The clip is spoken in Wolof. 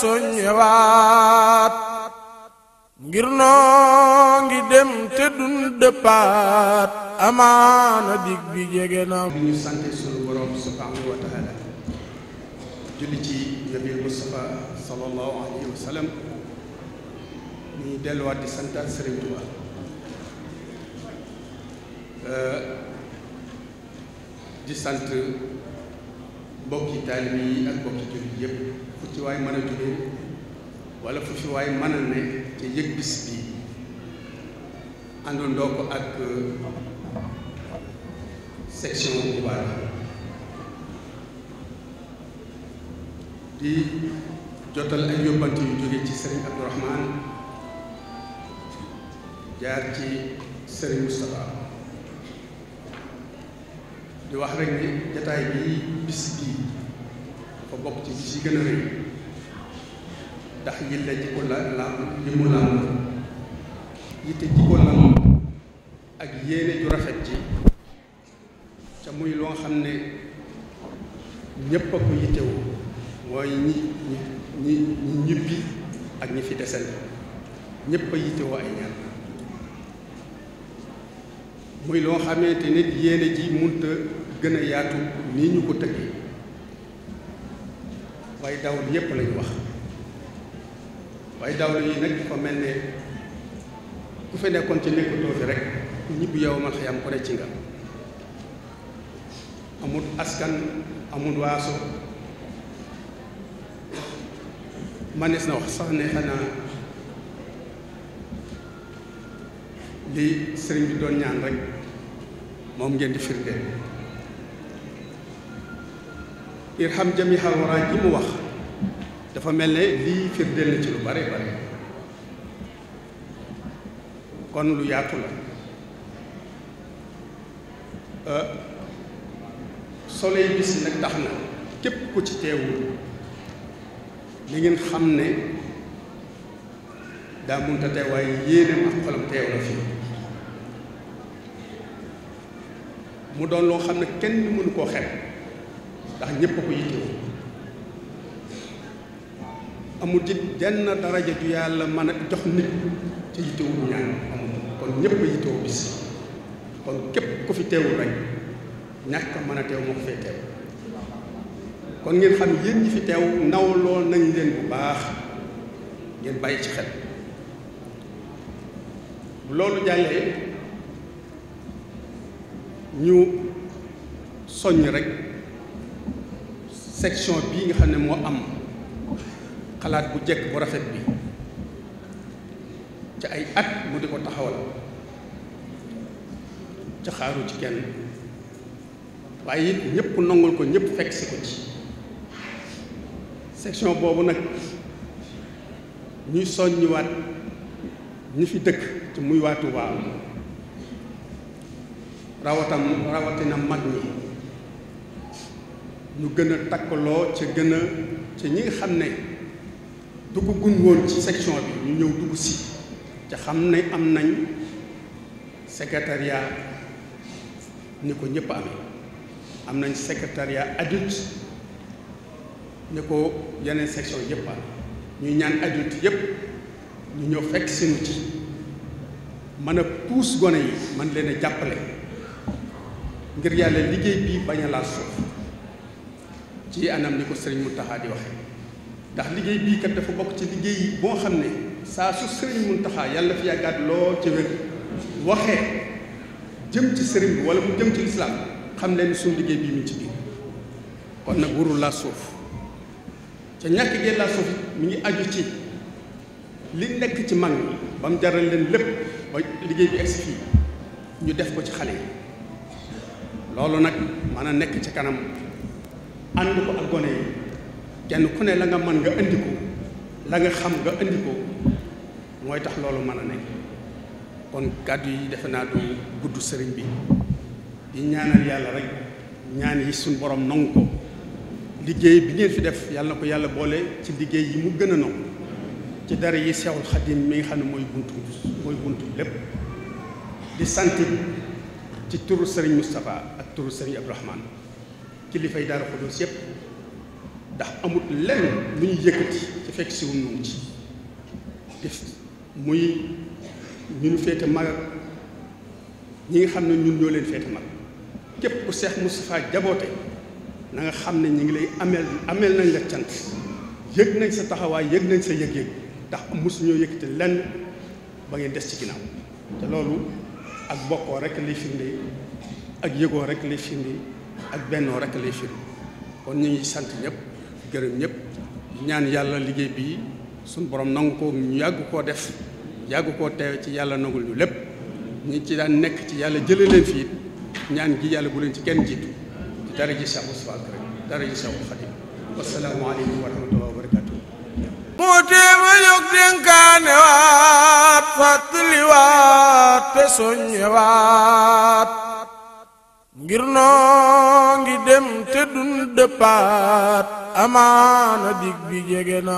suñ ñëwaat ngir noo ngi dem te dun dëppaat amaana dig bi jege na bi ñu sante suñu borom subhaanahu wa julli ci nabil Mustafa sallallahu alayhi wa sallam ñuy delluwaat di santaat euh, di sant mbokki taalibe yi ak mbokki jullit yépp fu ci waay mën a jóge wala fu ci waay mën ne te yëg bis bi àndandoo ak section Touba di jotal ay yóbbante yu jóge ci sëriñ Abdourahman jaar ci sëriñ Moustapha di wax rek ni jataay bi bis dafa bokk ci bis gën a rëy ndax yitte jikko la la li mu làmb yitte jikko làmb ak yéene ju rafet ji ca muy loo xam ne ñépp a ko yittewu mooy ñi ñi ñi ñibbi ak ñi fi desal ñépp a yittewoo ay ñaan muy loo xamante nit yéene ji munta gën a yaatu nii ñu ko tëggee way dawlu yépp lañu wax waaye dawlu yi nag dafa mel ne ku fi nekkoon ci nekkatoo fi rek ñibbi yow man xëyam ko ci nga amul askan amul waaso manees na wax sax ne xanaa li sëriñ bi doon ñaan rek moom ngeen di firndeel irham jamihal wara ji mu wax dafa mel ne lii firndeel na ci lu bare bare kon lu yaatu la euh, solo yi bis nag tax na képp ku ci teewul li ngeen xam ne daa munta teew waaye yéenéem ak xolam teew la fii mu doon loo xam ne kenn mënu koo xel ndax ñépp ko yittewoo amul ci jenn daraja ju yàlla mën a jox nit ci yittewul ñaan amul kon ñëpp yittewoo bis kon képp ku fi teewul rek ñàkk mën a teew moo ko fee teew kon ngeen xam yéen ñi fi teew ndaw lool nañ leen bu baax ngeen bàyyi ci xel loolu jàllee ñu soññ rek section bii nga xam ne moo am xalaat bu jekk bu rafet bi ca ay at mu di ko taxawal ca xaaru ci kenn waaye it ñëpp nangul ko ñëpp fekk si ko ci section boobu nag ñuy soññiwaat ñi fi dëkk ci muy waatu Tuubaa rawatam rawatina mag ñi ñu gën a takkaloo ca gën a ca ñi nga xam ne dugg gun woon ci section bi ñu ñëw dugg si ca xam ne am nañ secrétariat ni ko ñëpp amee am nañ secrétariat adulte ni ko yeneen section yëpp am ñuy ñaan adulte yëpp ñu ñëw fekk sinu ci mën a puus gone yi man leen a jàppale ngir yàlla liggéey bii bañ a laal ci anam ni ko sëriñ Muntaxa di waxe ndax liggéey bii kat dafa bokk ci liggéey boo xam ne saa su sëriñ Muntaxa yàlla fi yàggaat loo ci wér jëm ci sëriñ bi wala mu jëm ci lislaam xam leen suñu liggéey bii mu ci biir kon nag warul laa suuf ca ñàkk gee laa suuf mi ngi aju ci li nekk ci mag ñi ba mu jaral leen lépp ba liggéey bi egsi ñu def ko ci xale yi loolu nag mën a nekk ci kanam ànd ko ak gone yi kenn ku ne la nga man nga indi ko la nga xam nga indi ko mooy tax loolu mën a nekk kon kàddu yi defe naa du gudd sëriñ bi di ñaanal yàlla rek ñaan yi suñ borom nangu ko liggéey bi ngeen fi def yàlla na ko yàlla boole ci liggéey yi mu gën a nangu ci dara yi seexul xadim mi nga xam ne mooy buntu mooy buntu lépp di sant ci turu sëriñ Moustapha ak turu sëriñ Abdourahmane kilifay Daaru Xudoos yëpp ndax amut lenn lu ñu yëkkati ci fekk si wuñ noonu ci def muy ñu nu féete mag ñi nga xam ne ñun ñoo leen féete mag képp ku Seex Moustapha jaboote na nga xam ne ñu ngi lay ameel ameel nañ la cant yëg nañ sa taxawaay yëg nañ sa yëg-yëg ndax mosu ñoo yëkkati lenn ba ngi des ci ginnaaw te loolu ak bokkoo rek lay firnde ak yëgoo rek lay firnde ak bennoo rek lay firi kon ñu ngi sant ñëpp gërëm ñëpp ñaan yàlla liggéey bi suñ borom nangu ko ñu yàgg koo def yàgg koo teew ci yàlla nangul ñu lépp ñu ci daan nekk ci yàlla jële leen fii ñaan gi yàlla bu leen ci kenn jiitu ci dara ji saxu suwaak rek dara ji saxu xadim wasalaamualeykum wa rahmatullahi wa barakatu moo téema yóg dénkaane waat fàttaliwaat te soññewaat ngir noo ngi dem te dun dëppaat amaana dig bi jege na